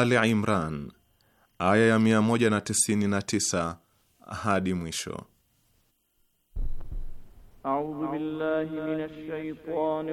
Ali Imran aya ya 199 hadi mwisho. A'udhu billahi minash shaitani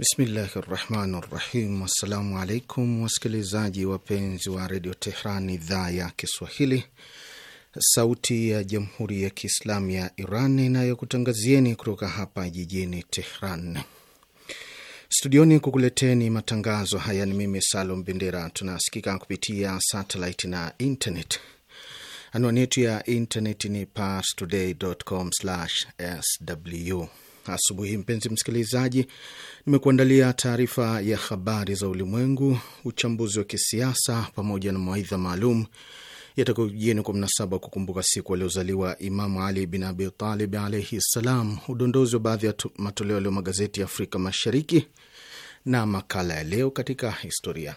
Bismillahi rahmani rahim. Assalamu alaikum wasikilizaji wapenzi wa redio Tehran, idhaa ya Kiswahili, sauti ya jamhuri ya kiislamu ya Iran inayokutangazieni kutoka hapa jijini Tehran studioni kukuleteni matangazo haya. Ni mimi Salum Bendera. Tunasikika kupitia satellite na internet. Anwani yetu ya internet ni parstoday.com/sw asubuhi. Mpenzi msikilizaji, nimekuandalia taarifa ya habari za ulimwengu, uchambuzi wa kisiasa, pamoja na mawaidha maalum yatakujieni kwa mnasaba wa kukumbuka siku aliozaliwa Imamu Ali bin Abi Talib alaihi ssalam, udondozi wa baadhi ya matoleo yaliyo magazeti ya Afrika Mashariki na makala ya leo katika historia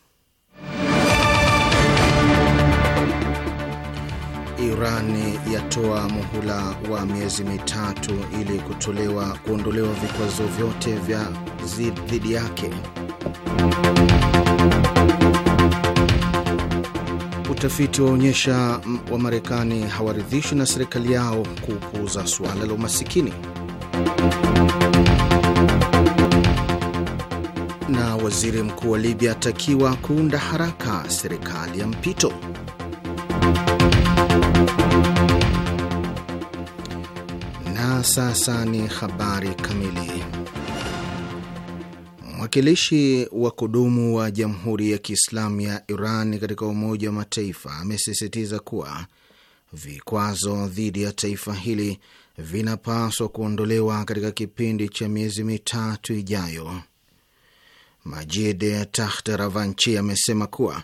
yatoa muhula wa miezi mitatu ili kutolewa kuondolewa vikwazo vyote vya dhidi yake. Utafiti waonyesha marekani hawaridhishwi na serikali yao kupuuza suala la umasikini. Na waziri mkuu wa Libya atakiwa kuunda haraka serikali ya mpito. sasa ni habari kamili. Mwakilishi wa kudumu wa Jamhuri ya Kiislamu ya Iran katika Umoja wa Mataifa amesisitiza kuwa vikwazo dhidi ya taifa hili vinapaswa kuondolewa katika kipindi cha miezi mitatu ijayo. Majid Tahta Ravanchi amesema kuwa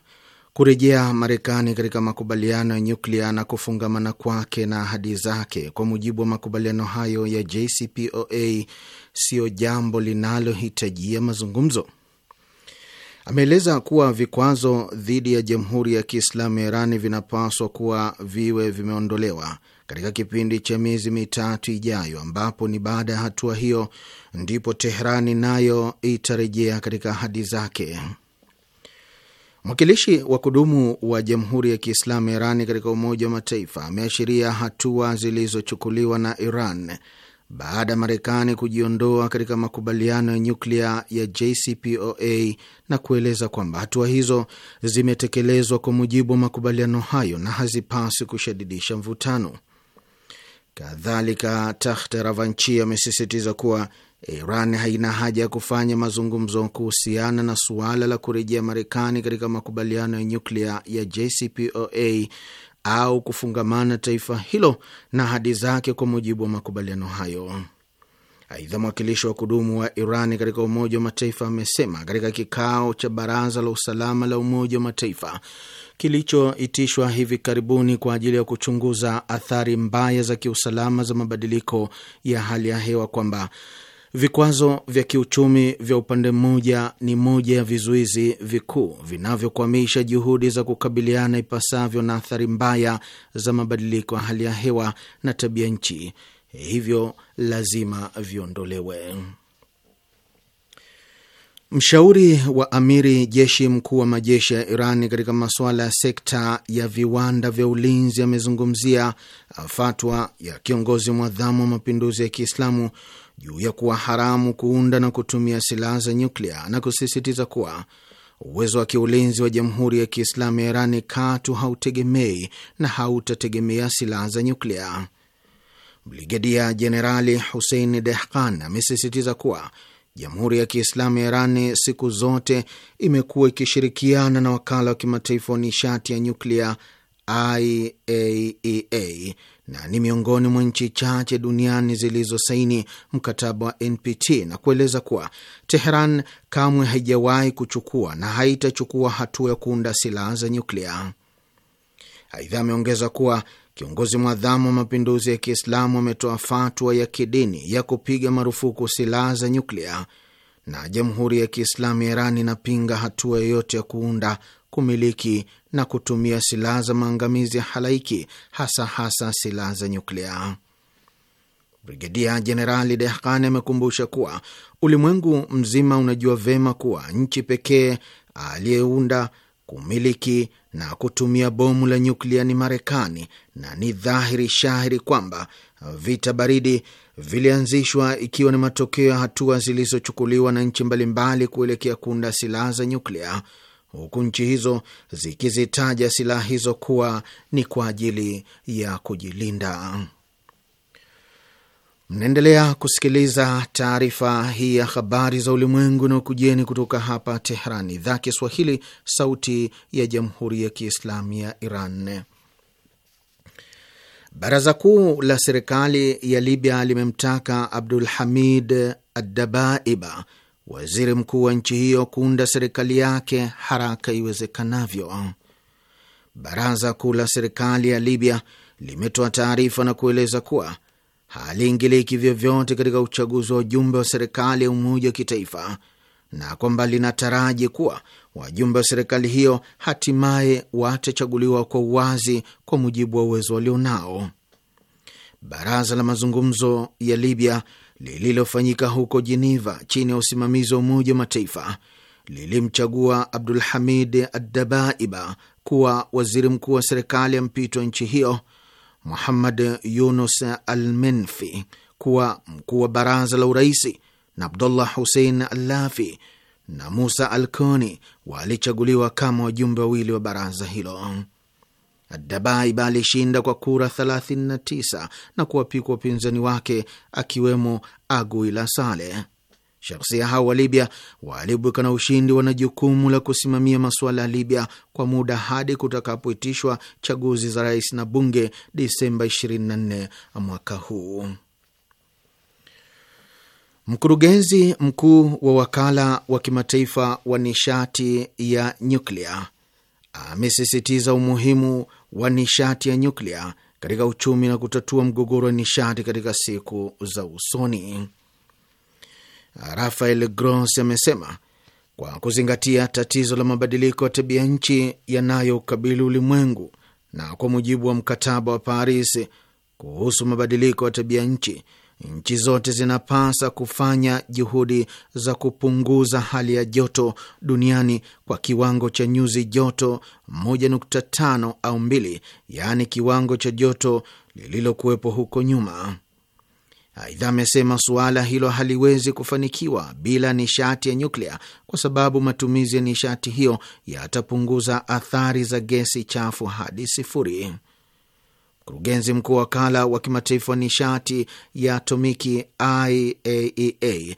kurejea Marekani katika makubaliano ya nyuklia na kufungamana kwake na ahadi zake kwa mujibu wa makubaliano hayo ya JCPOA siyo jambo linalohitajia mazungumzo. Ameeleza kuwa vikwazo dhidi ya Jamhuri ya Kiislamu ya Irani vinapaswa kuwa viwe vimeondolewa katika kipindi cha miezi mitatu ijayo, ambapo ni baada ya hatua hiyo ndipo Teherani nayo itarejea katika ahadi zake. Mwakilishi wa kudumu wa Jamhuri ya Kiislamu Irani katika Umoja wa Mataifa ameashiria hatua zilizochukuliwa na Iran baada ya Marekani kujiondoa katika makubaliano ya nyuklia ya JCPOA na kueleza kwamba hatua hizo zimetekelezwa kwa mujibu wa makubaliano hayo na hazipasi kushadidisha mvutano. Kadhalika, Takht Ravanchi amesisitiza kuwa Iran haina haja ya kufanya mazungumzo kuhusiana na suala la kurejea Marekani katika makubaliano ya nyuklia ya JCPOA au kufungamana taifa hilo na hadi zake kwa mujibu wa makubaliano hayo. Aidha, mwakilishi wa kudumu wa Iran katika Umoja wa Mataifa amesema katika kikao cha Baraza la Usalama la Umoja wa Mataifa kilichoitishwa hivi karibuni kwa ajili ya kuchunguza athari mbaya za kiusalama za mabadiliko ya hali ya hewa kwamba vikwazo vya kiuchumi vya upande mmoja ni moja ya vizuizi vikuu vinavyokwamisha juhudi za kukabiliana ipasavyo na athari mbaya za mabadiliko ya hali ya hewa na tabia nchi hivyo lazima viondolewe. Mshauri wa amiri jeshi mkuu wa majeshi ya Iran katika masuala ya sekta ya viwanda vya ulinzi amezungumzia fatwa ya kiongozi mwadhamu wa mapinduzi ya Kiislamu juu ya kuwa haramu kuunda na kutumia silaha za nyuklia na kusisitiza kuwa uwezo wa kiulinzi wa Jamhuri ya Kiislamu ya Irani katu hautegemei na hautategemea silaha za nyuklia. Brigedia Jenerali Hussein Dehkan amesisitiza kuwa Jamhuri ya Kiislamu ya irani siku zote imekuwa ikishirikiana na wakala wa kimataifa wa nishati ya nyuklia IAEA e na ni miongoni mwa nchi chache duniani zilizosaini mkataba wa NPT na kueleza kuwa Teheran kamwe haijawahi kuchukua na haitachukua hatua ya kuunda silaha za nyuklia. Aidha, ameongeza kuwa Kiongozi mwadhamu wa mapinduzi ya Kiislamu ametoa fatwa ya kidini ya kupiga marufuku silaha za nyuklia, na Jamhuri ya Kiislamu ya Iran inapinga hatua yoyote ya kuunda, kumiliki na kutumia silaha za maangamizi ya halaiki, hasa hasa silaha za nyuklia. Brigedia Jenerali Dehkani amekumbusha kuwa ulimwengu mzima unajua vema kuwa nchi pekee aliyeunda kumiliki na kutumia bomu la nyuklia ni Marekani, na ni dhahiri shahiri kwamba vita baridi vilianzishwa ikiwa ni matokeo ya hatua zilizochukuliwa na nchi mbalimbali kuelekea kuunda silaha za nyuklia, huku nchi hizo zikizitaja silaha hizo kuwa ni kwa ajili ya kujilinda. Mnaendelea kusikiliza taarifa hii ya habari za ulimwengu na ukujeni kutoka hapa Tehran, idhaa Kiswahili, sauti ya jamhuri ya kiislamu ya Iran. Baraza kuu la serikali ya Libya limemtaka Abdul Hamid adabaiba waziri mkuu wa nchi hiyo, kuunda serikali yake haraka iwezekanavyo. Baraza kuu la serikali ya Libya limetoa taarifa na kueleza kuwa haliingiliki vyovyote katika uchaguzi wa wajumbe wa serikali ya umoja wa kitaifa na kwamba linataraji kuwa wajumbe wa serikali hiyo hatimaye watachaguliwa kwa uwazi kwa mujibu wa uwezo walionao. Baraza la mazungumzo ya Libya lililofanyika huko Jeneva chini ya usimamizi wa Umoja wa Mataifa lilimchagua Abdul Hamid Addabaiba kuwa waziri mkuu wa serikali ya mpito wa nchi hiyo Muhammad Yunus Almenfi kuwa mkuu wa baraza la uraisi na Abdullah Hussein Allafi na Musa Alkoni walichaguliwa kama wajumbe wawili wa baraza hilo. Dabaiba alishinda kwa kura 39 na kuwapikwa upinzani wake akiwemo Aguila Saleh. Shahsia hao wa Libya walibuka na ushindi, wana jukumu la kusimamia masuala ya Libya kwa muda hadi kutakapoitishwa chaguzi za rais na bunge Disemba 24 mwaka huu. Mkurugenzi mkuu wa wakala wa kimataifa wa nishati ya nyuklia amesisitiza umuhimu wa nishati ya nyuklia katika uchumi na kutatua mgogoro wa nishati katika siku za usoni. Rafael gross amesema kwa kuzingatia tatizo la mabadiliko ya tabia nchi yanayokabili ulimwengu na kwa mujibu wa mkataba wa Paris kuhusu mabadiliko ya tabia nchi, nchi zote zinapasa kufanya juhudi za kupunguza hali ya joto duniani kwa kiwango cha nyuzi joto 1.5 au 2, yaani kiwango cha joto lililokuwepo huko nyuma. Aidha amesema suala hilo haliwezi kufanikiwa bila nishati ya nyuklia, kwa sababu matumizi ya nishati hiyo yatapunguza athari za gesi chafu hadi sifuri. Mkurugenzi mkuu wa wakala wa kimataifa wa nishati ya atomiki IAEA e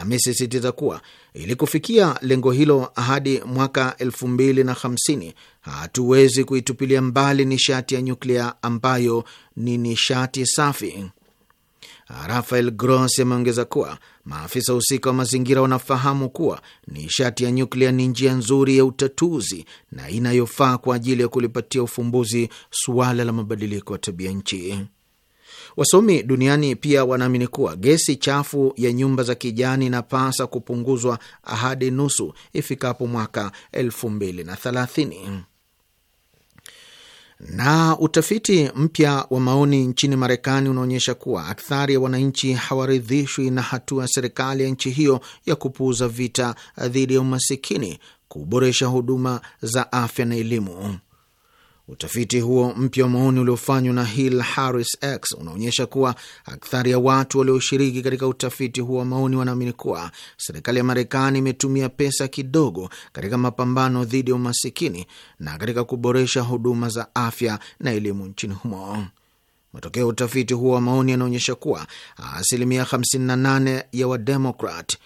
amesisitiza kuwa ili kufikia lengo hilo hadi mwaka 2050 hatuwezi kuitupilia mbali nishati ya nyuklia ambayo ni nishati safi. Rafael Grossi ameongeza kuwa maafisa husika wa mazingira wanafahamu kuwa nishati ya nyuklia ni njia nzuri ya utatuzi na inayofaa kwa ajili ya kulipatia ufumbuzi suala la mabadiliko ya tabia nchi. Wasomi duniani pia wanaamini kuwa gesi chafu ya nyumba za kijani inapasa kupunguzwa hadi nusu ifikapo mwaka elfu mbili na thelathini. Na utafiti mpya wa maoni nchini Marekani unaonyesha kuwa akthari ya wananchi hawaridhishwi na hatua ya serikali ya nchi hiyo ya kupuuza vita dhidi ya umasikini, kuboresha huduma za afya na elimu. Utafiti huo mpya wa maoni uliofanywa na Hill Harris X unaonyesha kuwa akthari ya watu walioshiriki katika utafiti huo wa maoni wanaamini kuwa serikali ya Marekani imetumia pesa kidogo katika mapambano dhidi ya umasikini na katika kuboresha huduma za afya na elimu nchini humo. Matokeo ya utafiti huo wa maoni yanaonyesha kuwa asilimia 58 ya Wademokrat,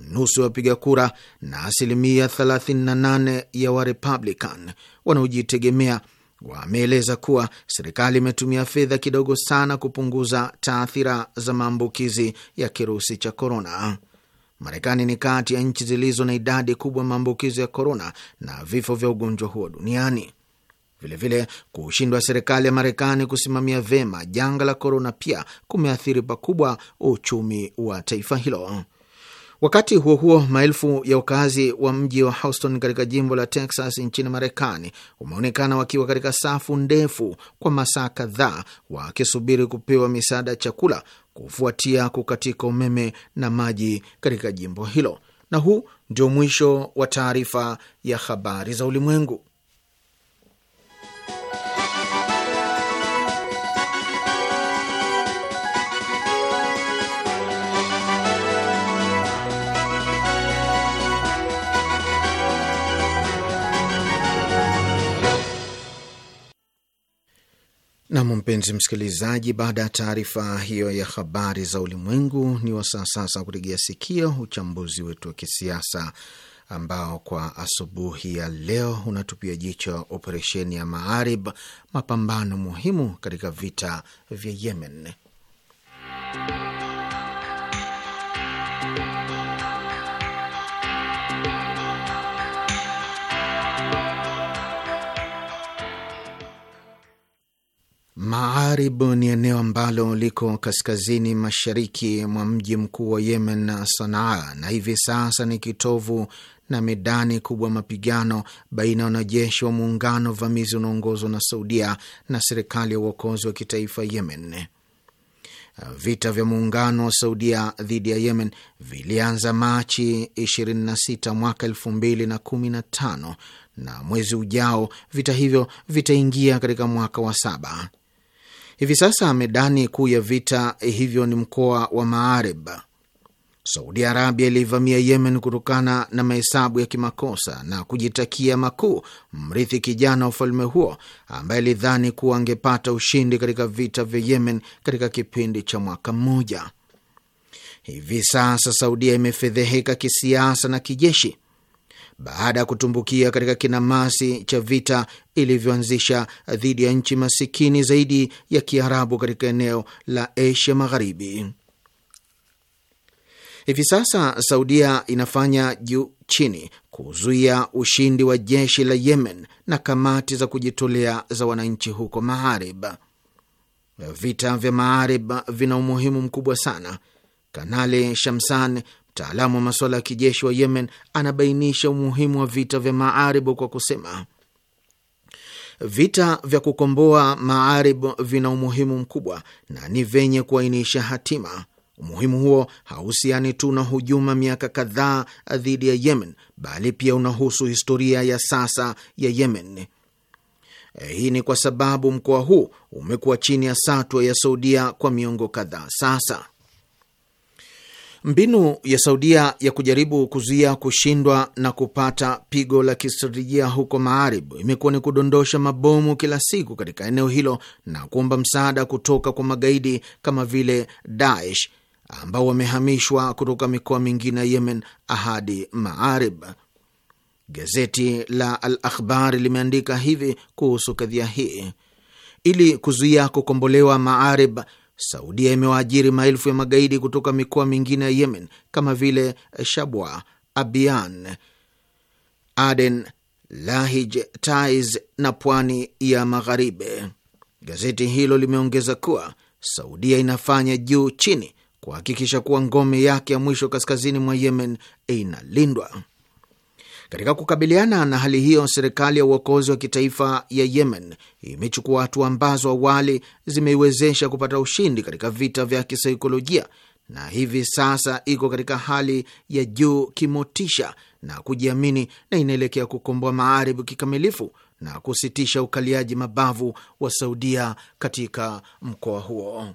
nusu ya wapiga kura, na asilimia 38 ya Warepublican wanaojitegemea wameeleza kuwa serikali imetumia fedha kidogo sana kupunguza taathira za maambukizi ya kirusi cha korona. Marekani ni kati ya nchi zilizo na idadi kubwa ya maambukizi ya korona na vifo vya ugonjwa huo duniani. Vilevile, kushindwa serikali ya Marekani kusimamia vyema janga la korona pia kumeathiri pakubwa uchumi wa taifa hilo. Wakati huo huo, maelfu ya wakazi wa mji wa Houston katika jimbo la Texas nchini Marekani wameonekana wakiwa katika safu ndefu kwa masaa kadhaa wakisubiri kupewa misaada ya chakula kufuatia kukatika umeme na maji katika jimbo hilo. Na huu ndio mwisho wa taarifa ya habari za ulimwengu. Nam, mpenzi msikilizaji, baada ya taarifa hiyo ya habari za ulimwengu, ni wasaa sasa kutegea sikio uchambuzi wetu wa kisiasa ambao kwa asubuhi ya leo unatupia jicho operesheni ya Maarib, mapambano muhimu katika vita vya Yemen. Maarib ni eneo ambalo liko kaskazini mashariki mwa mji mkuu wa Yemen na Sanaa, na hivi sasa ni kitovu na medani kubwa mapigano baina ya wanajeshi wa muungano vamizi unaoongozwa na Saudia na serikali ya uokozi wa kitaifa Yemen. Vita vya muungano wa Saudia dhidi ya Yemen vilianza Machi 26 mwaka 2015 na mwezi ujao vita hivyo vitaingia katika mwaka wa saba. Hivi sasa medani kuu ya vita eh, hivyo ni mkoa wa Maarib. Saudi Arabia ilivamia Yemen kutokana na mahesabu ya kimakosa na kujitakia makuu mrithi kijana wa ufalme huo ambaye alidhani kuwa angepata ushindi katika vita vya Yemen katika kipindi cha mwaka mmoja. Hivi sasa Saudia imefedheheka kisiasa na kijeshi baada ya kutumbukia katika kinamasi cha vita ilivyoanzisha dhidi ya nchi masikini zaidi ya Kiarabu katika eneo la Asia Magharibi. Hivi sasa Saudia inafanya juu chini kuzuia ushindi wa jeshi la Yemen na kamati za kujitolea za wananchi huko Maharib. Vita vya Maharib vina umuhimu mkubwa sana. Kanali Shamsan, Mtaalamu wa masuala ya kijeshi wa Yemen anabainisha umuhimu wa vita vya Maaribu kwa kusema vita vya kukomboa Maaribu vina umuhimu mkubwa na ni venye kuainisha hatima. Umuhimu huo hauhusiani tu na hujuma miaka kadhaa dhidi ya Yemen, bali pia unahusu historia ya sasa ya Yemen. Eh, hii ni kwa sababu mkoa huu umekuwa chini ya satwa ya Saudia kwa miongo kadhaa sasa. Mbinu ya Saudia ya kujaribu kuzuia kushindwa na kupata pigo la kistratejia huko Maarib imekuwa ni kudondosha mabomu kila siku katika eneo hilo na kuomba msaada kutoka kwa magaidi kama vile Daesh ambao wamehamishwa kutoka mikoa mingine ya Yemen hadi Maarib. Gazeti la Al Akhbar limeandika hivi kuhusu kadhia hii: ili kuzuia kukombolewa Maarib, Saudia imewaajiri maelfu ya magaidi kutoka mikoa mingine ya Yemen kama vile Shabwa, Abian, Aden, Lahij, Taiz na pwani ya Magharibi. Gazeti hilo limeongeza kuwa Saudia inafanya juu chini kuhakikisha kuwa ngome yake ya mwisho kaskazini mwa Yemen inalindwa. Katika kukabiliana na hali hiyo, serikali ya uokozi wa kitaifa ya Yemen imechukua hatua ambazo awali zimeiwezesha kupata ushindi katika vita vya kisaikolojia na hivi sasa iko katika hali ya juu kimotisha na kujiamini na inaelekea kukomboa Maaribu kikamilifu na kusitisha ukaliaji mabavu wa Saudia katika mkoa huo.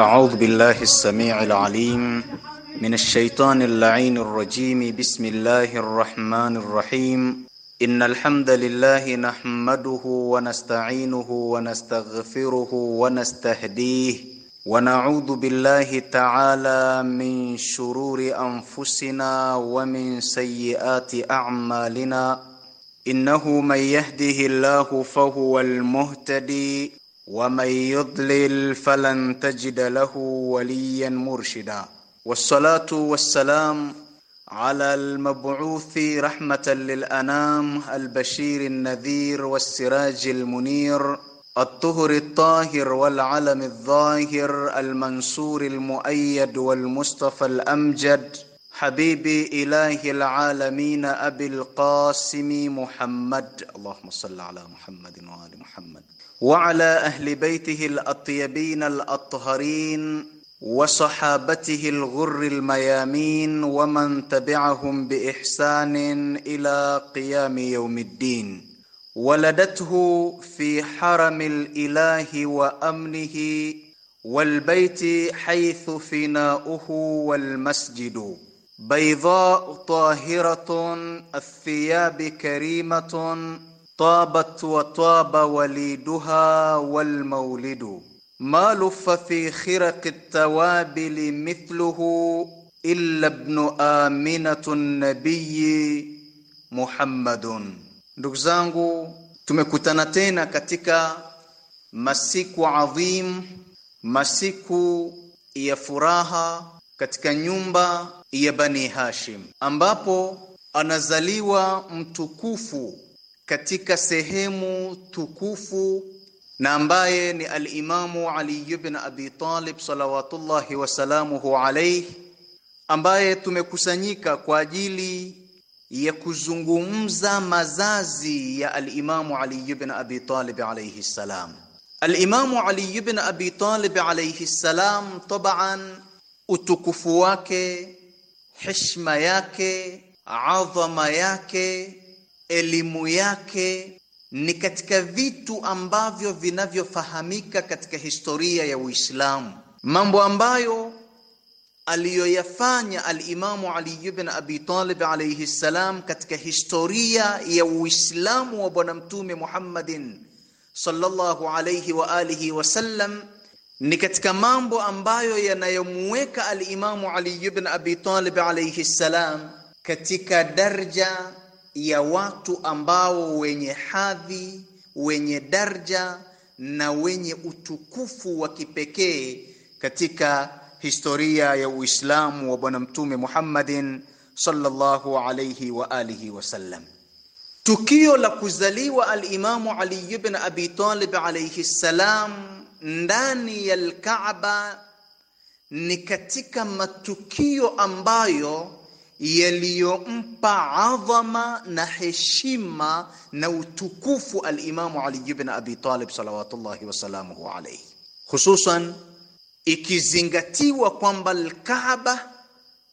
أعوذ بالله السميع العليم من الشيطان اللعين الرجيم بسم الله الرحمن الرحيم إن الحمد لله نحمده ونستعينه ونستغفره ونستهديه ونعوذ بالله تعالى من شرور أنفسنا ومن سيئات أعمالنا إنه من يهده الله فهو المهتدي ومن يضلل فلن تجد له وليا مرشدا والصلاه والسلام على المبعوث رحمه للانام البشير النذير والسراج المنير الطهر الطاهر والعلم الظاهر المنصور المؤيد والمصطفى الامجد حبيبي اله العالمين ابي القاسم محمد اللهم صل على محمد وال محمد وعلى اهل بيته الاطيبين الاطهرين وصحابته الغر الميامين ومن تبعهم باحسان الى قيام يوم الدين ولدته في حرم الاله وامنه والبيت حيث فناؤه والمسجد بيضاء طاهره الثياب كريمه طابت وطاب وليدها والمولد ما ma في fi khiraqi tawabili mithluhu ابن ibnu النبي محمد Muhammadun. Ndugu zangu, tumekutana tena katika masiku adhim, masiku ya furaha katika nyumba ya Bani Hashim ambapo anazaliwa mtukufu katika sehemu tukufu na ambaye ni al-Imamu Ali ibn Abi Talib salawatullahi wasalamuhu alayhi, ambaye tumekusanyika kwa ajili ya kuzungumza mazazi ya al-Imamu Ali ibn Abi Talib alayhi salam. al Ali ibn Abi Talib alayhi salam, taban utukufu wake, heshima yake, adhama yake elimu yake ni katika vitu ambavyo vinavyofahamika katika historia ya Uislamu, mambo ambayo aliyoyafanya alimamu Ali ibn Abi Talib alayhi salam katika historia ya Uislamu wa Bwana Mtume Muhammadin sallallahu alayhi wa alihi wasallam ni katika mambo ambayo yanayomuweka alimamu Ali ibn Abi Talib alayhi salam katika darja ya watu ambao wenye hadhi, wenye darja na wenye utukufu wa kipekee katika historia ya Uislamu wa Bwana Mtume Muhammadin sallallahu alayhi wa alihi sallam. Tukio la kuzaliwa al-Imamu Ali ibn Abi Talib alayhi salam ndani ya al-Kaaba ni katika matukio ambayo yaliyompa adhama na heshima na utukufu alimamu Ali ibn Abi Talib salawatullahi wasalamuhu alaihi, hususan ikizingatiwa kwamba lkaba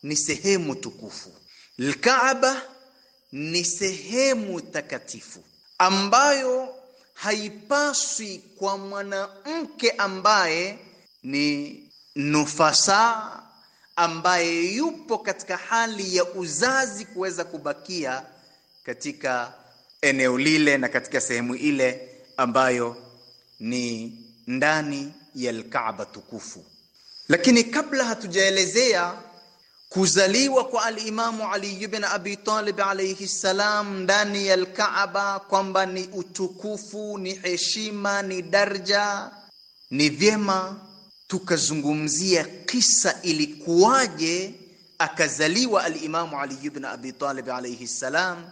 ni sehemu tukufu, lkaba ni sehemu takatifu ambayo haipaswi kwa mwanamke ambaye ni nufasa ambaye yupo katika hali ya uzazi kuweza kubakia katika eneo lile na katika sehemu ile ambayo ni ndani ya Alkaaba tukufu. Lakini kabla hatujaelezea kuzaliwa kwa alimamu Ali ibn Abi Talib alayhi salam ndani ya Alkaaba, kwamba ni utukufu, ni heshima, ni darja, ni vyema tukazungumzia kisa ilikuwaje akazaliwa alimamu Ali ibn Abi Talib alayhi salam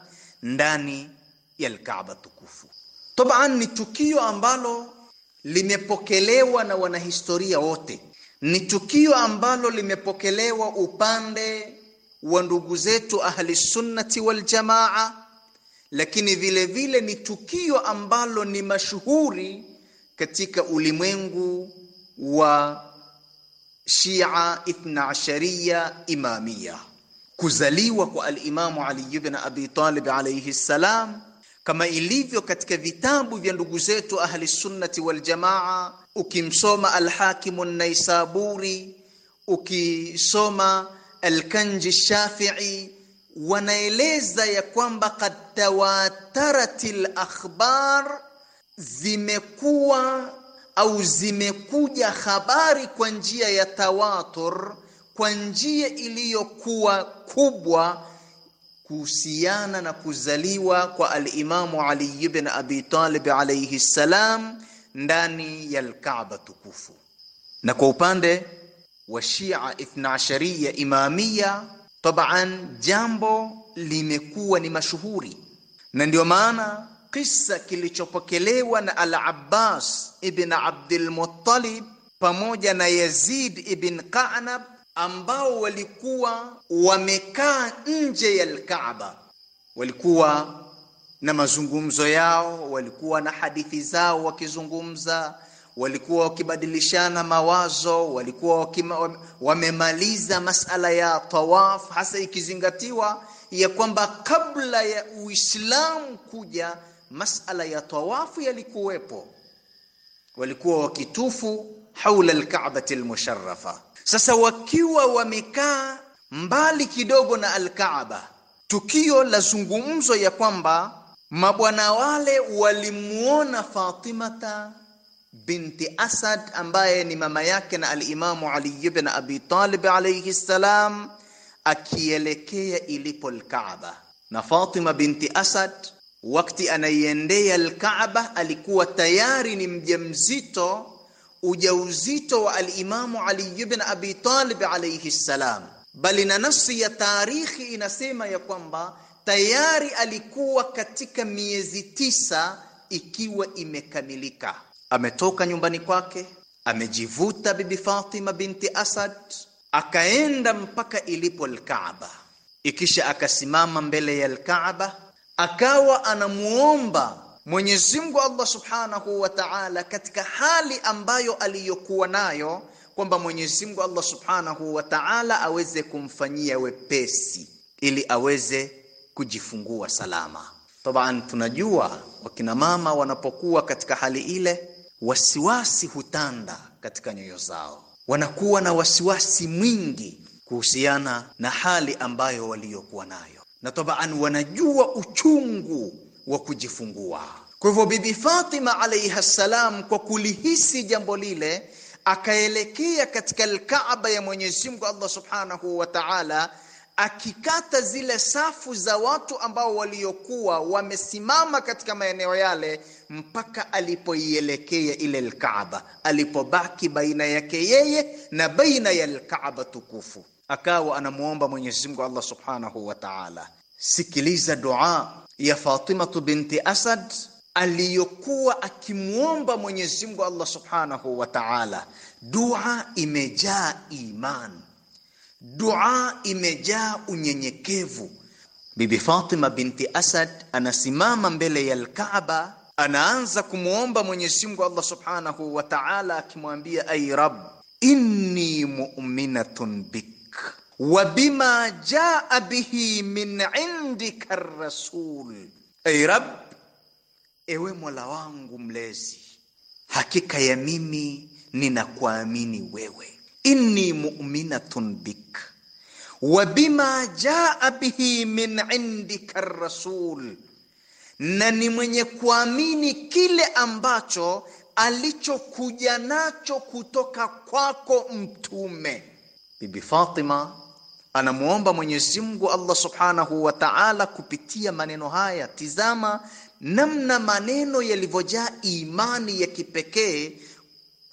ndani ya Kaaba tukufu. Tabaan ni tukio ambalo limepokelewa na wanahistoria wote, ni tukio ambalo limepokelewa upande wa ndugu zetu ahli sunnati wal jamaa, lakini vile vile ni tukio ambalo ni mashuhuri katika ulimwengu wa Shia Ithna Ashariya Imamia. Kuzaliwa kwa alimamu Ali ibn Abi Talib alayhi salam, kama ilivyo katika vitabu vya ndugu zetu ahli sunnati wal jamaa, ukimsoma Alhakimu Naisaburi, ukisoma Alkanji Shafii, wanaeleza ya kwamba qad tawatarat al akhbar, zimekuwa au zimekuja habari kwa njia ya tawatur, kwa njia iliyokuwa kubwa kuhusiana na kuzaliwa kwa alimamu Ali ibn Abi Talib alayhi salam ndani ya al-Kaaba tukufu. Na kwa upande wa Shia Ithnaashariya Imamia, taban jambo limekuwa ni mashuhuri, na ndio maana kisa kilichopokelewa na Al-Abbas ibn Abdul Muttalib pamoja na Yazid ibn Qanab ambao walikuwa wamekaa nje ya Al-Kaaba, walikuwa na mazungumzo yao, walikuwa na hadithi zao wakizungumza, walikuwa wakibadilishana mawazo, walikuwa wakima, wamemaliza masala ya tawaf, hasa ikizingatiwa ya kwamba kabla ya Uislamu kuja masala ya tawafu yalikuwepo, walikuwa wakitufu haula alkaabati almusharrafa. Sasa wakiwa wamekaa mbali kidogo na Alkaaba, tukio la zungumzo ya kwamba mabwana wale walimuona Fatimata binti Asad ambaye ni mama yake na alimamu Ali ibn Abi Talib alayhi salam, akielekea ilipo Alkaaba na Fatima binti Asad wakati anaiendea Alkaaba alikuwa tayari ni mjamzito, ujauzito wa Alimamu Ali ibn Abi Talib alayhi salam, bali na nafsi ya tarikhi inasema ya kwamba tayari alikuwa katika miezi tisa ikiwa imekamilika. Ametoka nyumbani kwake, amejivuta Bibi Fatima binti Asad, akaenda mpaka ilipo Alkaaba, ikisha akasimama mbele ya Alkaaba akawa anamuomba Mwenyezi Mungu Allah Subhanahu wa Ta'ala katika hali ambayo aliyokuwa nayo kwamba Mwenyezi Mungu Allah Subhanahu wa Ta'ala aweze kumfanyia wepesi ili aweze kujifungua salama. Tabaan tunajua wakina mama wanapokuwa katika hali ile, wasiwasi hutanda katika nyoyo zao, wanakuwa na wasiwasi mwingi kuhusiana na hali ambayo waliyokuwa nayo na tabaan wanajua uchungu wa kujifungua. Kwa hivyo Bibi Fatima alayha salam, kwa kulihisi jambo lile, akaelekea katika Alkaaba ya Mwenyezi Mungu Allah subhanahu wa taala, akikata zile safu za watu ambao waliokuwa wamesimama katika maeneo yale, mpaka alipoielekea ile Alkaaba, alipobaki baina yake yeye na baina ya Alkaaba tukufu akawa anamwomba Mwenyezi Mungu Allah Subhanahu wa Ta'ala. Sikiliza dua ya Fatimatu binti Asad aliyokuwa akimwomba Mwenyezi Mungu Allah Subhanahu wa Ta'ala. Dua imejaa iman, dua imejaa unyenyekevu. Bibi Fatima binti Asad anasimama mbele ya Al-Kaaba, anaanza kumwomba Mwenyezi Mungu Allah Subhanahu wa Ta'ala, akimwambia ay rab inni mu'minatun bik wa bima jaa bihi min indika rasul. Ey Rab, ewe Mola wangu mlezi, hakika ya mimi ninakuamini wewe, inni mu'minatun bik wa bima jaa bihi min indika rasul, na ni mwenye kuamini kile ambacho alichokuja nacho kutoka kwako mtume. Bibi Fatima anamuomba Mwenyezi Mungu Allah Subhanahu wa Ta'ala kupitia maneno haya. Tizama namna maneno yalivyojaa imani ya kipekee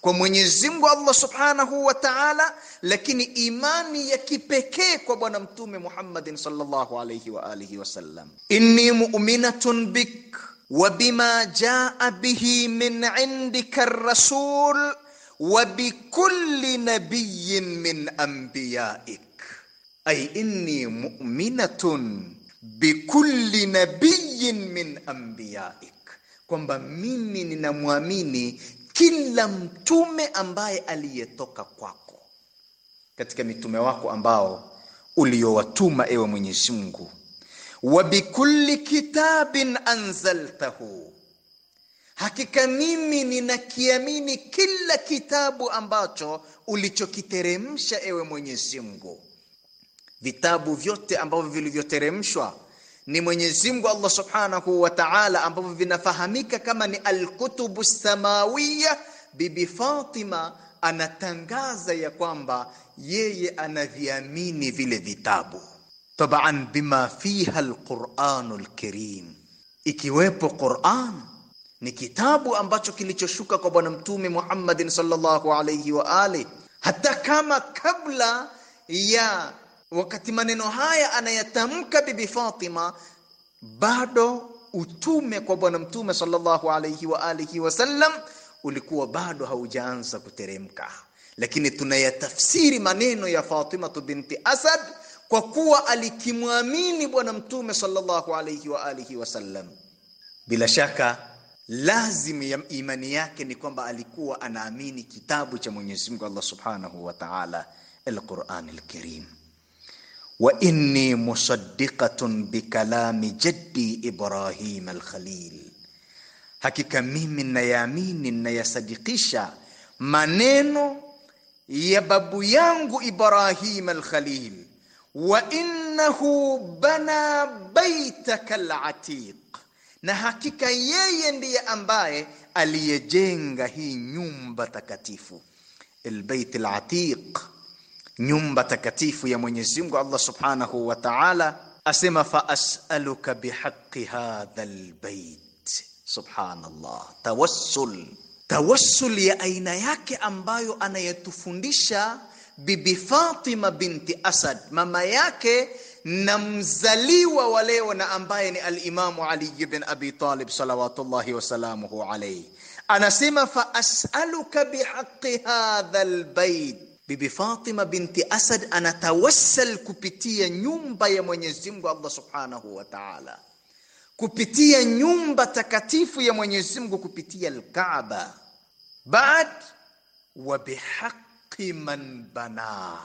kwa Mwenyezi Mungu Allah Subhanahu wa Ta'ala, lakini imani ya kipekee kwa Bwana Mtume Muhammadin sallallahu alayhi wa alihi wasallam, inni mu'minatun bik wa bima jaa bihi min indika rasul wa bikulli nabiyyin min anbiyaik ay inni mu'minatun bikulli nabiyin min anbiyaik, kwamba mimi ninamwamini kila mtume ambaye aliyetoka kwako katika mitume wako ambao uliowatuma ewe Mwenyezi Mungu, wa bikulli kitabin anzaltahu, hakika mimi ninakiamini kila kitabu ambacho ulichokiteremsha ewe Mwenyezi Mungu vitabu vyote ambavyo vilivyoteremshwa ni Mwenyezi Mungu Allah Subhanahu wa Ta'ala, ambavyo vinafahamika kama ni alkutubu samawiya. Bibi Fatima anatangaza ya kwamba yeye anaviamini vile vitabu, tabaan bima fiha alquranul karim, ikiwepo Qur'an ni kitabu ambacho kilichoshuka kwa Bwana Mtume Muhammadin sallallahu alayhi wa ali, hata kama kabla ya wakati maneno haya anayatamka bibi Fatima bado utume kwa bwana mtume sallallahu alayhi wa alihi wasallam ulikuwa bado haujaanza kuteremka, lakini tunayatafsiri maneno ya Fatima binti Asad kwa kuwa alikimwamini bwana mtume sallallahu alayhi wa alihi wasallam. Bila shaka lazima ya imani yake ni kwamba alikuwa anaamini kitabu cha Mwenyezi Mungu Allah subhanahu wa ta'ala, al-Qur'an al-Karim wa inni musaddiqatun bikalami jaddi Ibrahim al-Khalil, hakika mimi ninayaamini, ninayasadikisha maneno ya babu yangu Ibrahim al-Khalil, wa innahu bana baitaka al-atiq, na hakika yeye ndiye ambaye aliyejenga hii nyumba takatifu al-bait al-atiq nyumba takatifu ya Mwenyezi Mungu Allah Subhanahu wa Ta'ala, asema fa as'aluka bihaqqi hadha albayt. Subhanallah, tawassul, tawassul ya aina yake ambayo anayetufundisha Bibi Fatima binti Asad, mama yake na mzaliwa wa leo na ambaye ni alimamu Ali ibn Abi Talib salawatullahi wasalamuhu alayhi, anasema fa as'aluka bihaqqi hadha albayt Bibi Fatima binti Asad anatawassal kupitia nyumba ya Mwenyezi Mungu Allah Subhanahu wa Ta'ala, kupitia nyumba takatifu ya Mwenyezi Mungu, kupitia al-Kaaba. Baad wa bihaqqi man bana,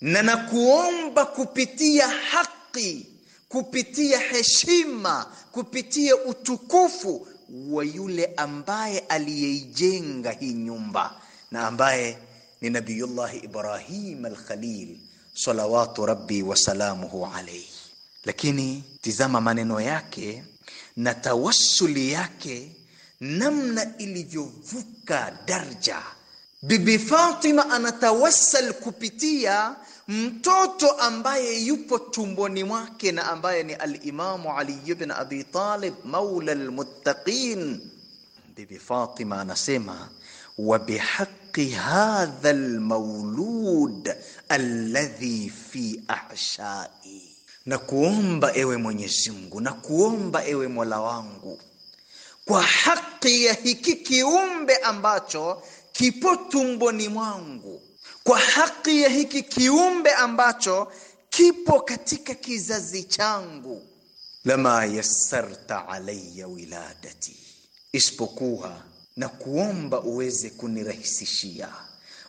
na nakuomba kupitia haki, kupitia heshima, kupitia utukufu wa yule ambaye aliyeijenga hii nyumba na ambaye ni Nabiyullahi Ibrahim al-Khalil salawatu rabbi wasalamuhu alaihi. Lakini tizama maneno yake na tawassuli yake, namna ilivyovuka darja. Bibi Fatima anatawassal kupitia mtoto ambaye yupo tumboni mwake na ambaye ni al-Imamu Ali ibn Abi Talib maula al-muttaqin. Bibi Fatima anasema wa bihaqi hadha almawlud alladhi fi ahshai, na kuomba ewe Mwenyezi Mungu, na kuomba ewe Mola wangu kwa haki ya hiki kiumbe ambacho kipo tumboni mwangu, kwa haki ya hiki kiumbe ambacho kipo katika kizazi changu. Lama yassarta alayya wiladati, isipokuwa na kuomba uweze kunirahisishia,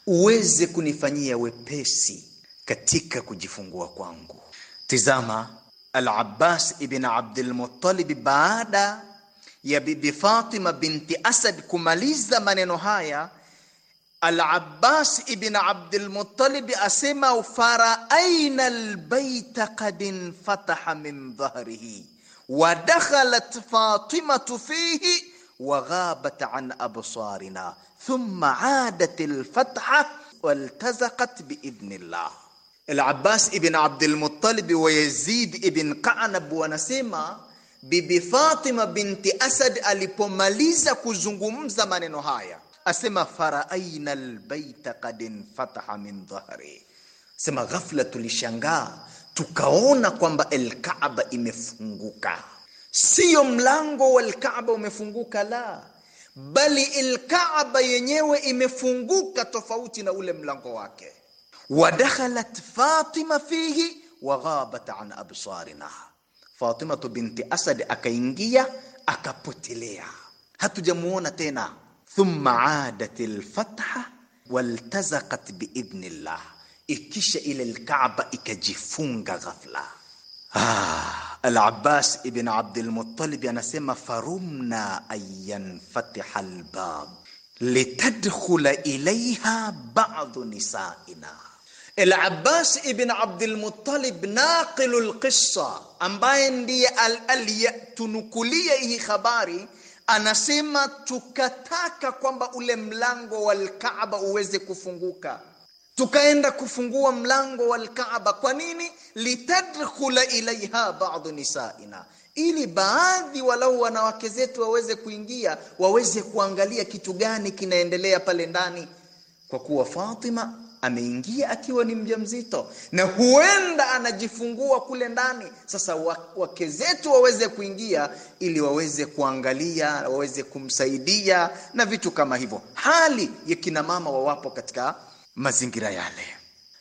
uweze kunifanyia wepesi katika kujifungua kwangu. Tizama Al-Abbas ibn Abdul Muttalib, baada ya bibi Fatima binti Asad kumaliza maneno haya, Al-Abbas ibn Abdul Muttalib asema faraaina lbaita qad infataha min dhahrihi wa dakhalat Fatimatu fihi وغابت عن ابصارنا ثم عادت الفتحه والتزقت باذن الله العباس ابن عبد المطلب ويزيد ابن قعنب ونسيما بِبِي فاطمه بنت اسد الپوماليزا kuzungumza maneno haya asema فرأينا البيت قد انفتح من ظهري sema غفلة tulishangaa تكون kwamba الكعبه imefunguka siyo mlango wa Alkaaba umefunguka, la bali Alkaaba yenyewe imefunguka tofauti na ule mlango wake. Wadakhalat Fatima fihi waghabat an absarina, Fatimatu binti Asad akaingia akapotelea, hatujamuona tena. Thumma adat alfatha waltazaqat biidhnillah, ikisha ile Alkaaba ikajifunga ghafla ah. Al-Abbas ibn Abdul Muttalib anasema farumna ayanfatiha al-bab litadkhula ilaiha ba'du nisaina. Al-Abbas ibn Abdul Muttalib naqilu al-qissa, ambaye ndiye aliyatunukulia hii habari anasema tukataka kwamba ule mlango wa Kaaba uweze kufunguka tukaenda kufungua mlango wa Alkaaba. Kwa nini? litadkhula ilaiha ba'du nisaina, ili baadhi walau wanawake zetu waweze kuingia, waweze kuangalia kitu gani kinaendelea pale ndani, kwa kuwa Fatima ameingia akiwa ni mjamzito na huenda anajifungua kule ndani. Sasa wake zetu waweze kuingia ili waweze kuangalia, waweze kumsaidia na vitu kama hivyo, hali ya kina mama wawapo katika mazingira yale,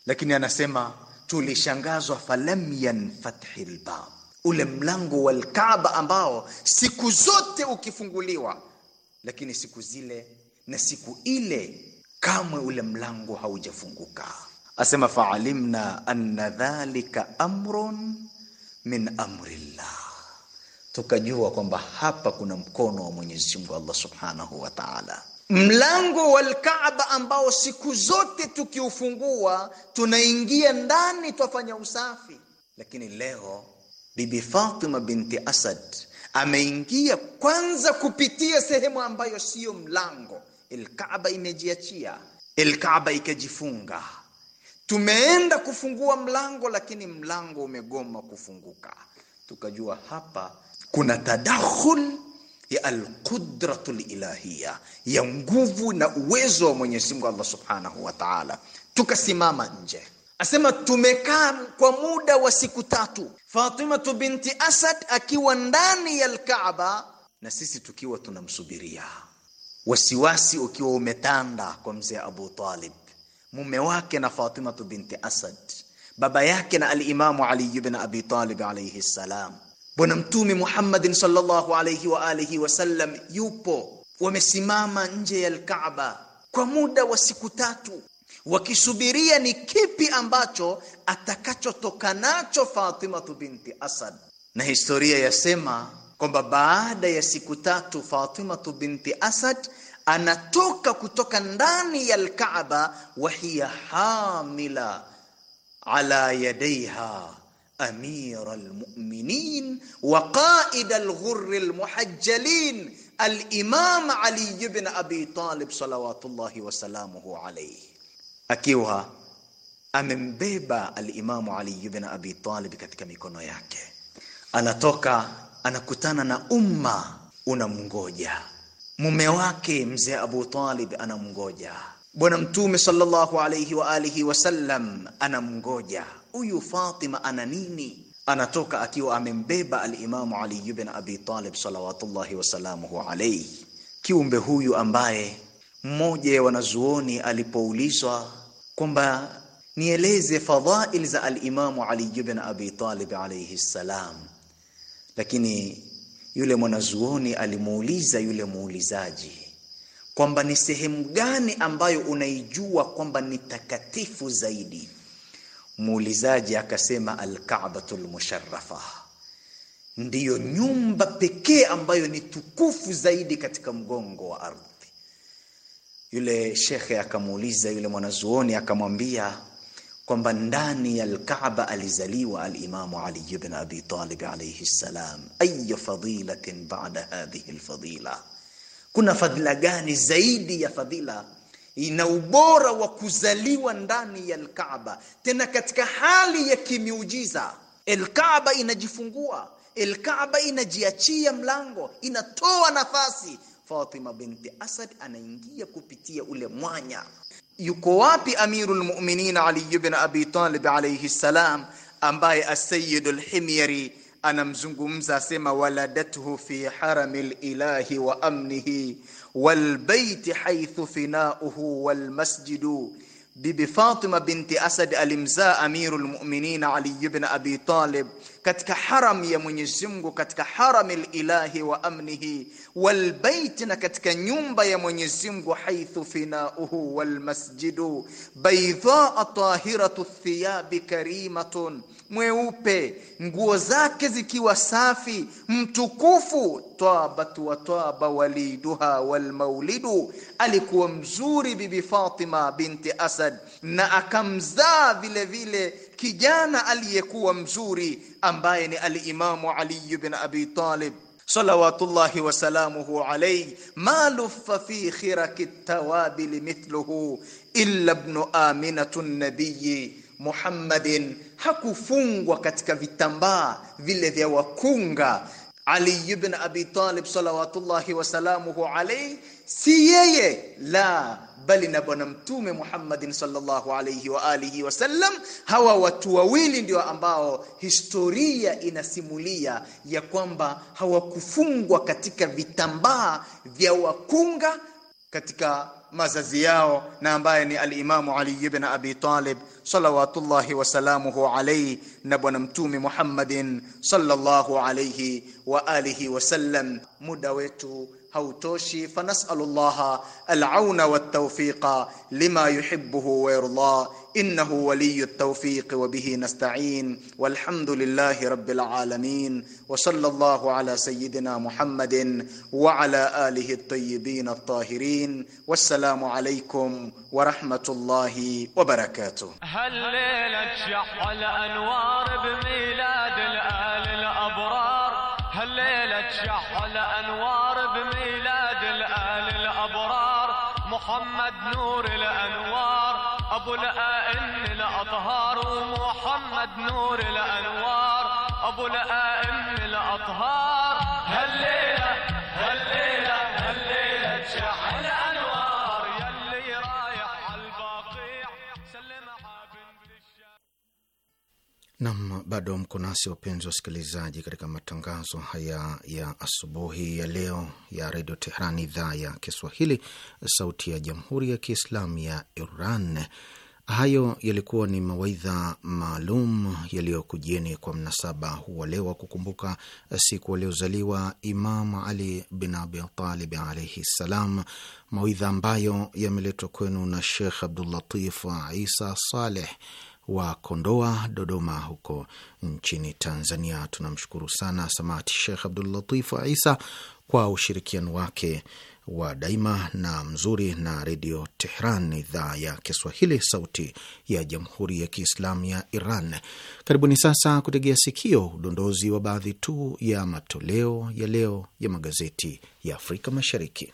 lakini anasema tulishangazwa, falam yanfathi lbab, ule mlango wa Alkaaba ambao siku zote ukifunguliwa, lakini siku zile na siku ile kamwe ule mlango haujafunguka. Asema faalimna anna dhalika amrun min amri llah tukajua kwamba hapa kuna mkono wa Mwenyezi Mungu Allah subhanahu wa ta'ala mlango wa Kaaba ambao siku zote tukiufungua tunaingia ndani twafanya usafi, lakini leo Bibi Fatima binti Asad ameingia kwanza kupitia sehemu ambayo siyo mlango. Alkaaba imejiachia, Alkaaba ikajifunga. Tumeenda kufungua mlango, lakini mlango umegoma kufunguka, tukajua hapa kuna tadakhul ya alqudratu lilahiya, ya nguvu na uwezo wa Mwenyezi Mungu Allah subhanahu wa taala. Tukasimama nje, asema tumekaa kwa muda wa siku tatu, Fatimatu binti Asad akiwa ndani ya Alkaaba na sisi tukiwa tunamsubiria, wasiwasi ukiwa umetanda kwa mzee Abu Talib, mume wake na Fatimatu binti Asad, baba yake na alimamu Ali ibn Abi Talib alayhi salam Bwana Mtume Muhammadin sallallahu alayhi wa alihi wasallam yupo, wamesimama nje ya Alkaaba kwa muda wa siku tatu wakisubiria ni kipi ambacho atakachotoka nacho Fatimatu binti Asad. Na historia yasema kwamba baada ya siku tatu Fatimatu binti Asad anatoka kutoka ndani ya Alkaaba, wahiya hamila ala yadaiha امير المؤمنين وقائد الغر المحجلين الامام علي بن abi طالب صلوات الله وسلامه عليه akiwa amembeba alimamu ali ibn abi talib katika mikono yake anatoka anakutana na umma unamngoja mume wake mzee abu talib anamngoja bwana mtume sallallahu alayhi wa alihi wasallam anamngoja huyu Fatima ana nini? Anatoka akiwa amembeba alimamu Ali ibn Abi Talib salawatullahi wasalamuhu alaihi, kiumbe huyu ambaye mmoja ya wanazuoni alipoulizwa kwamba nieleze fadhail za alimamu Ali ibn Abi Talib alaihi salam, lakini yule mwanazuoni alimuuliza yule muulizaji kwamba ni sehemu gani ambayo unaijua kwamba ni takatifu zaidi muulizaji akasema alkaabatul musharrafa ndiyo nyumba pekee ambayo ni tukufu zaidi katika mgongo wa ardhi. Yule shekhe akamuuliza yule mwanazuoni akamwambia kwamba ndani ya Alkaaba alizaliwa alimamu Ali ibn Abi Talib alayhi salam. Ayya fadilatin ba'da hadhihi alfadila, kuna fadhila gani zaidi ya fadhila ina ubora wa kuzaliwa ndani ya Alkaaba, tena katika hali ya kimiujiza. Alkaaba inajifungua, Alkaaba inajiachia mlango, inatoa nafasi. Fatima binti Asad anaingia kupitia ule mwanya. Yuko wapi Amirul Mu'minin Ali ibn Abi Talib alayhi salam, ambaye Asayid Alhimyari anamzungumza asema, waladathu fi haramil ilahi wa amnihi والبيت حيث فناؤه والمسجد بفاطمة بنت أسد الإمزاء أمير المؤمنين علي بن أبي طالب katika haram ya Mwenyezi Mungu, katika haramil ilahi wa amnihi wal bait, na katika nyumba ya Mwenyezi Mungu, haithu finauhu wal masjidu baydha tahiratu thiyab karimatun, mweupe nguo zake zikiwa safi, mtukufu. Tabat wa taba waliduha wal maulidu, alikuwa mzuri Bibi Fatima binti Asad na akamzaa vile vile kijana aliyekuwa mzuri ambaye ni alimamu Ali ibn Abi Talib salawatullahi wasalamuhu alayhi, ma luffa fi khiraki tawabili mithluhu illa ibnu aminatu nabiyi Muhammadin, hakufungwa katika vitambaa vile vya wakunga ali ibn Abi Talib salawatullahi wasalamuhu alayhi, si yeye la bali na Bwana Mtume Muhammadin sallallahu alayhi wa alihi sallam. Hawa watu wawili ndio ambao historia inasimulia ya kwamba hawakufungwa katika vitambaa vya wakunga katika mazazi yao na ambaye ni alimamu Ali ibn Abi Talib salawatullahi wasalamuhu alayhi na bwana mtume Muhammadin sallallahu alayhi wa alihi wasallam. Muda wetu هوتوشي فنسأل الله العون والتوفيق لما يحبه ويرضاه إنه ولي التوفيق وبه نستعين والحمد لله رب العالمين وصلى الله على سيدنا محمد وعلى آله الطيبين الطاهرين والسلام عليكم ورحمة الله وبركاته هل ليلة شح الأنوار بميلاد أبو الآئن الأطهار ومحمد نور الأنوار أبو الآئن الأطهار هالليلة هالليلة هالليلة تشعل أنوار يلي رايح على البقيع سلم Nam, bado mko nasi wapenzi wasikilizaji, katika matangazo haya ya asubuhi ya leo ya redio Tehran, idhaa ya Kiswahili, sauti ya jamhuri ya kiislamu ya Iran Hayo yalikuwa ni mawaidha maalum yaliyokujieni kwa mnasaba huwa leo wa kukumbuka siku aliozaliwa Imam Ali bin Abi Talib alaihi ssalam, mawaidha ambayo yameletwa kwenu na Shekh Abdulatif Isa Saleh wa Kondoa, Dodoma, huko nchini Tanzania. Tunamshukuru sana samati Shekh Abdulatif Isa kwa ushirikiano wake wa Daima na Mzuri na Redio Tehran, idhaa ya Kiswahili, sauti ya Jamhuri ya Kiislamu ya Iran. Karibuni sasa kutegea sikio udondozi wa baadhi tu ya matoleo ya leo ya magazeti ya Afrika Mashariki.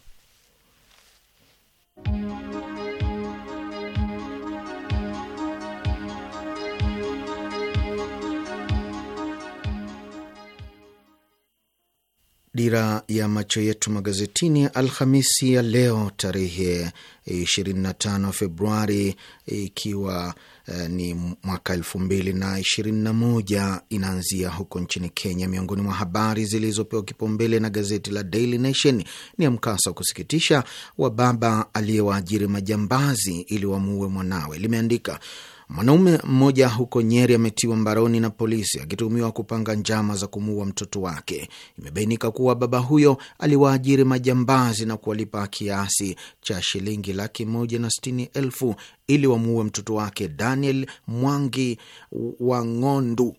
Dira ya macho yetu magazetini Alhamisi ya leo tarehe 25 Februari, ikiwa eh, ni mwaka elfu mbili na ishirini na moja inaanzia huko nchini Kenya. Miongoni mwa habari zilizopewa kipaumbele na gazeti la Daily Nation ni ya mkasa wa kusikitisha wa baba aliyewaajiri majambazi ili wamuue mwanawe. Limeandika Mwanaume mmoja huko Nyeri ametiwa mbaroni na polisi akitumiwa kupanga njama za kumuua mtoto wake. Imebainika kuwa baba huyo aliwaajiri majambazi na kuwalipa kiasi cha shilingi laki moja na sitini elfu ili wamuue mtoto wake Daniel Mwangi wa Ng'ondu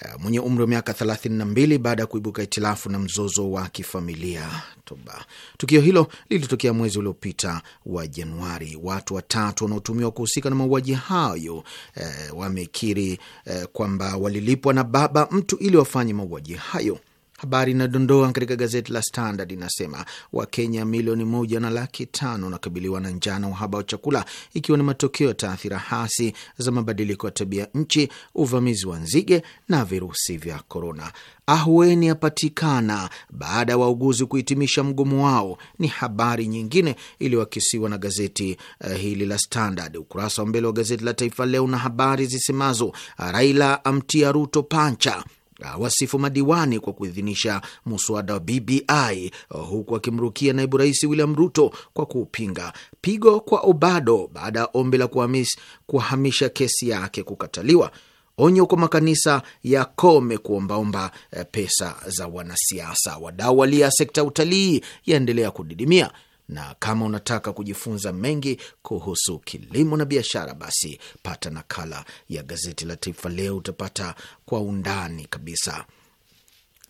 Eh, mwenye umri wa miaka 32 baada ya kuibuka itilafu na mzozo wa kifamilia Toba. Tukio hilo lilitokea mwezi uliopita wa Januari. Watu watatu wanaotumiwa kuhusika na mauaji hayo eh, wamekiri eh, kwamba walilipwa na baba mtu ili wafanye mauaji hayo. Habari inadondoa katika gazeti la Standard inasema Wakenya milioni moja na laki tano wanakabiliwa na njaa na uhaba wa chakula, ikiwa ni matokeo ya taathira hasi za mabadiliko ya tabia nchi, uvamizi wa nzige na virusi vya korona. Ahueni yapatikana baada ya wauguzi kuhitimisha mgomo wao, ni habari nyingine iliyoakisiwa na gazeti uh, hili la Standard. Ukurasa wa mbele wa gazeti la Taifa Leo na habari zisemazo Raila amtia Ruto pancha awasifu ah, madiwani kwa kuidhinisha muswada wa BBI oh, huku akimrukia naibu rais William Ruto kwa kuupinga. Pigo kwa Obado baada ya ombi la kuhamisha kesi yake kukataliwa. Onyo kwa makanisa yakome kuombaomba eh, pesa za wanasiasa. Wadau walia sekta ya utalii yaendelea kudidimia na kama unataka kujifunza mengi kuhusu kilimo na biashara, basi pata nakala ya gazeti la Taifa Leo, utapata kwa undani kabisa.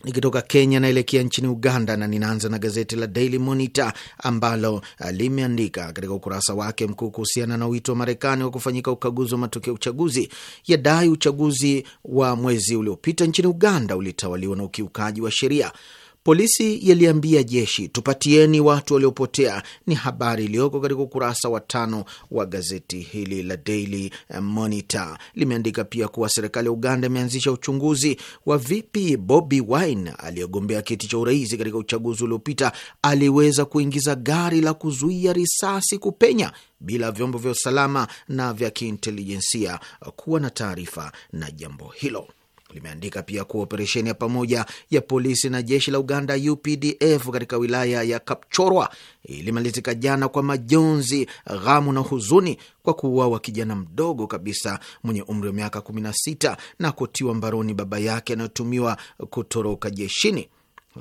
Nikitoka Kenya naelekea nchini Uganda na ninaanza na gazeti la Daily Monitor ambalo uh, limeandika katika ukurasa wake mkuu kuhusiana na wito wa Marekani wa kufanyika ukaguzi wa matokeo ya uchaguzi, yadai uchaguzi wa mwezi uliopita nchini Uganda ulitawaliwa na ukiukaji wa sheria. Polisi yaliambia jeshi, tupatieni watu waliopotea. Ni habari iliyoko katika ukurasa wa tano wa gazeti hili la Daily Monitor. Limeandika pia kuwa serikali ya Uganda imeanzisha uchunguzi wa vipi Bobi Wine aliyegombea kiti cha urais katika uchaguzi uliopita aliweza kuingiza gari la kuzuia risasi kupenya bila vyombo vya usalama na vya kiintelijensia kuwa na taarifa na jambo hilo limeandika pia kuwa operesheni ya pamoja ya polisi na jeshi la Uganda UPDF katika wilaya ya Kapchorwa ilimalizika jana kwa majonzi, ghamu na huzuni kwa kuuawa kijana mdogo kabisa mwenye umri wa miaka 16 na kutiwa mbaroni baba yake anayotumiwa kutoroka jeshini.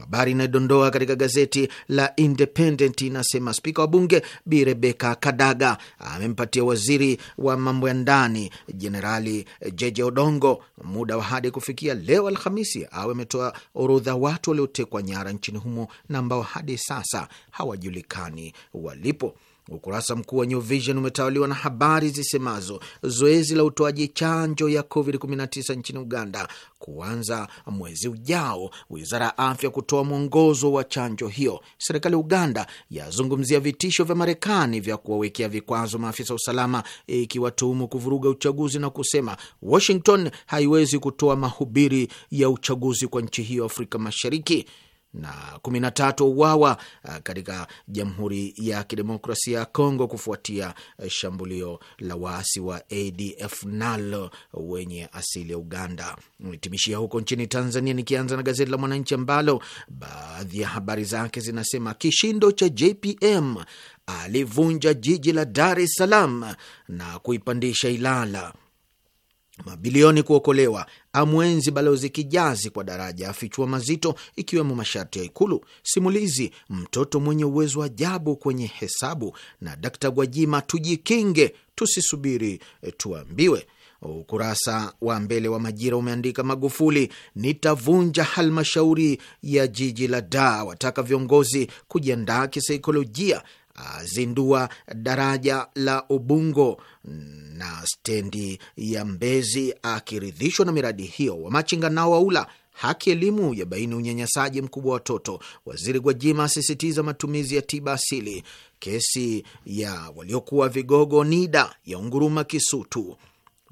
Habari inayodondoa katika gazeti la Independent inasema spika wa bunge Bi Rebeka Kadaga amempatia waziri wa mambo ya ndani Jenerali Jeje Odongo muda wa hadi kufikia leo Alhamisi awe ametoa orodha watu waliotekwa nyara nchini humo na ambao hadi sasa hawajulikani walipo. Ukurasa mkuu wa New Vision umetawaliwa na habari zisemazo zoezi la utoaji chanjo ya COVID-19 nchini Uganda kuanza mwezi ujao, wizara ya afya kutoa mwongozo wa chanjo hiyo. Serikali ya Uganda yazungumzia vitisho vya Marekani vya kuwawekea vikwazo maafisa usalama, ikiwatuhumu kuvuruga uchaguzi na kusema Washington haiwezi kutoa mahubiri ya uchaguzi kwa nchi hiyo Afrika Mashariki na 13 uawa uh, katika Jamhuri ya Kidemokrasia ya Kongo kufuatia uh, shambulio la waasi wa ADF nalo uh, wenye asili ya Uganda. Nitimishia huko nchini Tanzania, nikianza na gazeti la Mwananchi ambalo baadhi ya habari zake zinasema kishindo cha JPM alivunja jiji la Dar es Salaam na kuipandisha Ilala mabilioni kuokolewa, amwenzi balozi Kijazi kwa daraja, afichua mazito ikiwemo masharti ya Ikulu, simulizi mtoto mwenye uwezo wa ajabu kwenye hesabu, na dkt Gwajima, tujikinge tusisubiri e, tuambiwe. Ukurasa wa mbele wa Majira umeandika Magufuli, nitavunja halmashauri ya jiji la Dar, wataka viongozi kujiandaa kisaikolojia azindua daraja la Ubungo na stendi ya Mbezi akiridhishwa na miradi hiyo. Wamachinga nao waula haki elimu ya baini unyanyasaji mkubwa wa watoto. Waziri Gwajima asisitiza matumizi ya tiba asili. Kesi ya waliokuwa vigogo NIDA ya unguruma Kisutu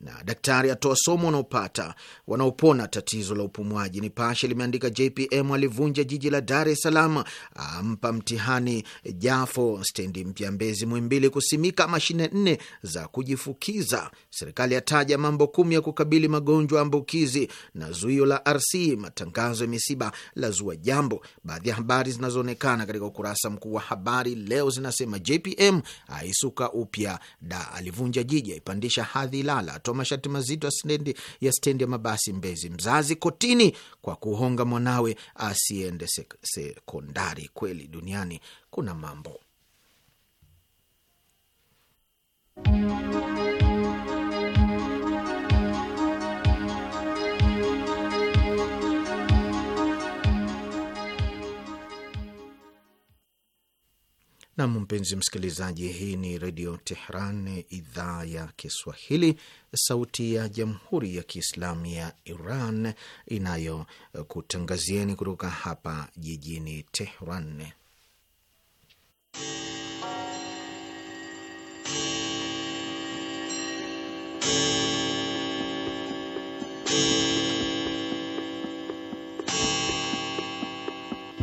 na daktari atoa somo wanaopata wanaopona tatizo la upumuaji. Nipashe limeandika JPM alivunja jiji la Dar es Salaam, ampa mtihani Jafo. Stendi mpya Mbezi Mwimbili kusimika mashine nne za kujifukiza. Serikali yataja mambo kumi ya kukabili magonjwa ambukizi na zuio la RC. Matangazo ya misiba la zua jambo. Baadhi ya habari zinazoonekana katika ukurasa mkuu wa habari leo zinasema JPM aisuka upya da alivunja jiji aipandisha hadhi lala watoa mashati mazito ya stendi ya stendi ya mabasi Mbezi. Mzazi kotini kwa kuhonga mwanawe asiende sekondari. Kweli duniani kuna mambo Nam, mpenzi msikilizaji, hii ni Redio Tehran, idhaa ya Kiswahili, sauti ya Jamhuri ya Kiislamu ya Iran inayokutangazieni kutoka hapa jijini Tehran.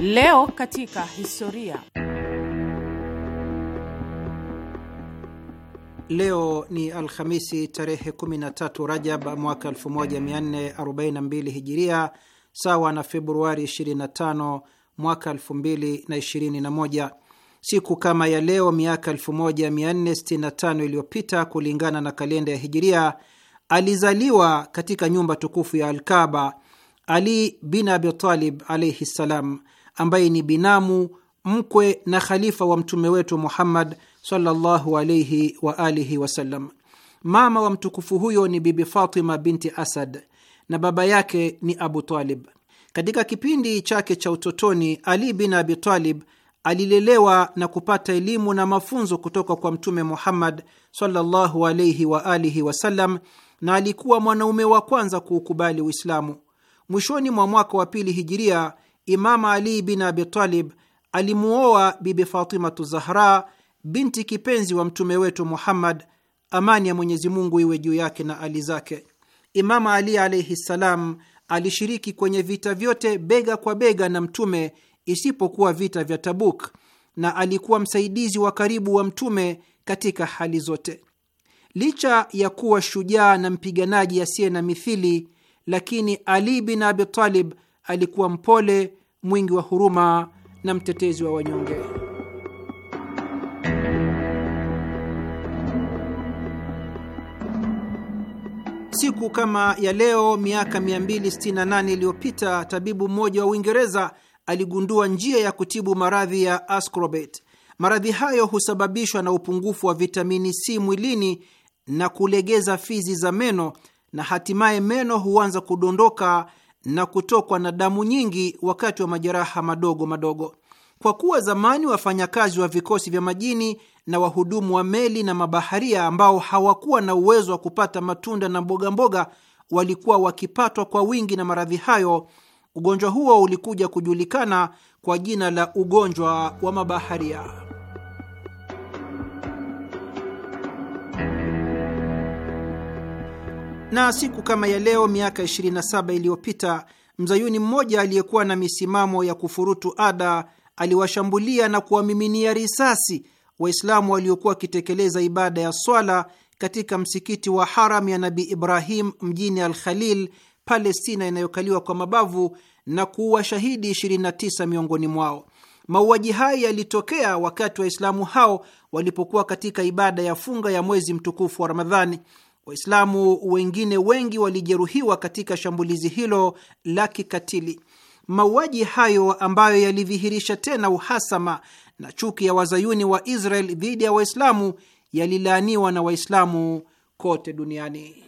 Leo katika historia Leo ni Alhamisi tarehe 13 Rajab mwaka 1442 Hijiria, sawa na Februari 25 mwaka 2021. Siku kama ya leo miaka 1465 iliyopita kulingana na kalenda ya Hijiria, alizaliwa katika nyumba tukufu ya Alkaba Ali bin Abitalib alaihi ssalam, ambaye ni binamu, mkwe na khalifa wa mtume wetu Muhammad sallallahu alaihi wa alihi wasallam. Mama wa mtukufu huyo ni Bibi Fatima binti Asad na baba yake ni Abu Talib. Katika kipindi chake cha utotoni, Ali bin Abi Talib alilelewa na kupata elimu na mafunzo kutoka kwa Mtume Muhammad sallallahu alaihi wa alihi wasallam, na alikuwa mwanaume wa kwanza kuukubali Uislamu. Mwishoni mwa mwaka wa pili hijiria, Imama Ali bin Abi Talib alimuoa Bibi Fatimatu Zahra binti kipenzi wa mtume wetu Muhammad, amani ya Mwenyezi Mungu iwe juu yake na ali zake. Imamu Ali alaihi ssalam alishiriki kwenye vita vyote bega kwa bega na mtume isipokuwa vita vya Tabuk, na alikuwa msaidizi wa karibu wa mtume katika hali zote. Licha ya kuwa shujaa na mpiganaji asiye na mithili, lakini Ali bin Abi Talib alikuwa mpole, mwingi wa huruma na mtetezi wa wanyonge. Siku kama ya leo miaka 268 iliyopita tabibu mmoja wa Uingereza aligundua njia ya kutibu maradhi ya ascorbate. Maradhi hayo husababishwa na upungufu wa vitamini C mwilini na kulegeza fizi za meno, na hatimaye meno huanza kudondoka na kutokwa na damu nyingi wakati wa majeraha madogo madogo kwa kuwa zamani wafanyakazi wa vikosi vya majini na wahudumu wa meli na mabaharia ambao hawakuwa na uwezo wa kupata matunda na mbogamboga mboga, walikuwa wakipatwa kwa wingi na maradhi hayo. Ugonjwa huo ulikuja kujulikana kwa jina la ugonjwa wa mabaharia. Na siku kama ya leo miaka 27 iliyopita mzayuni mmoja aliyekuwa na misimamo ya kufurutu ada aliwashambulia na kuwamiminia risasi Waislamu waliokuwa wakitekeleza ibada ya swala katika msikiti wa haram ya Nabi Ibrahim mjini Al Khalil, Palestina inayokaliwa kwa mabavu na kuua shahidi 29 miongoni mwao. Mauaji haya yalitokea wakati Waislamu hao walipokuwa katika ibada ya funga ya mwezi mtukufu wa Ramadhani. Waislamu wengine wengi walijeruhiwa katika shambulizi hilo la kikatili mauaji hayo ambayo yalidhihirisha tena uhasama na chuki ya wazayuni wa Israel dhidi ya Waislamu yalilaaniwa na Waislamu kote duniani.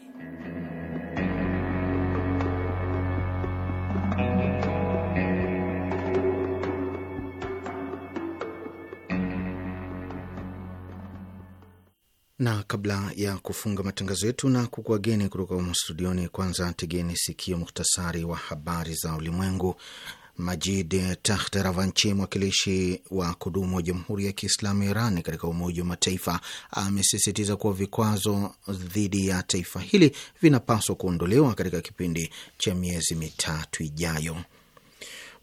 na kabla ya kufunga matangazo yetu na kukuageni kutoka humo studioni, kwanza tegeni sikio muktasari wa habari za ulimwengu. Majid Tahteravanchi, mwakilishi wa kudumu wa Jamhuri ya Kiislamu ya Iran katika Umoja wa Mataifa, amesisitiza kuwa vikwazo dhidi ya taifa hili vinapaswa kuondolewa katika kipindi cha miezi mitatu ijayo.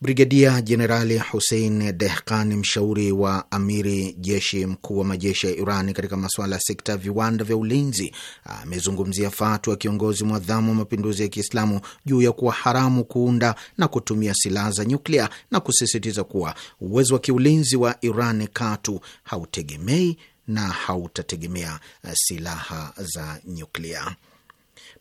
Brigadia Jenerali Hussein Dehkan, mshauri wa amiri jeshi mkuu wa majeshi ya Iran katika masuala ya sekta ya viwanda vya ulinzi, amezungumzia fatwa ya kiongozi mwadhamu wa mapinduzi ya Kiislamu juu ya kuwa haramu kuunda na kutumia silaha za nyuklia na kusisitiza kuwa uwezo wa kiulinzi wa Iran katu hautegemei na hautategemea silaha za nyuklia.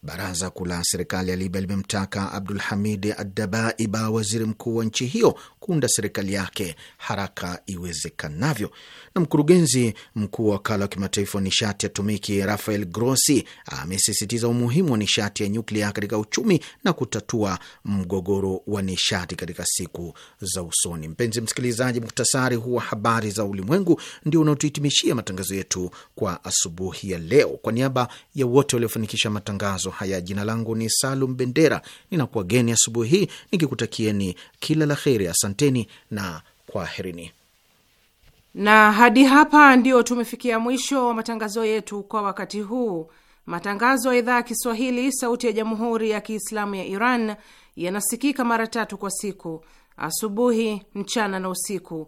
Baraza Kuu la serikali ya Libya limemtaka Abdul Hamid Addabaiba, waziri mkuu wa nchi hiyo, kuunda serikali yake haraka iwezekanavyo. Na mkurugenzi mkuu wa wakala wa kimataifa wa nishati ya tumiki Rafael Grossi amesisitiza umuhimu wa nishati ya nyuklia katika uchumi na kutatua mgogoro wa nishati katika siku za usoni. Mpenzi msikilizaji, muktasari huu wa habari za ulimwengu ndio unaotuhitimishia matangazo yetu kwa asubuhi ya leo. Kwa niaba ya wote waliofanikisha matangazo haya. Jina langu ni Salum Bendera, ninakuwageni asubuhi hii nikikutakieni kila la heri. Asanteni na kwaherini. Na hadi hapa ndio tumefikia mwisho wa matangazo yetu kwa wakati huu. Matangazo ya idhaa ya Kiswahili sauti ya jamhuri ya Kiislamu ya Iran yanasikika mara tatu kwa siku: asubuhi, mchana na usiku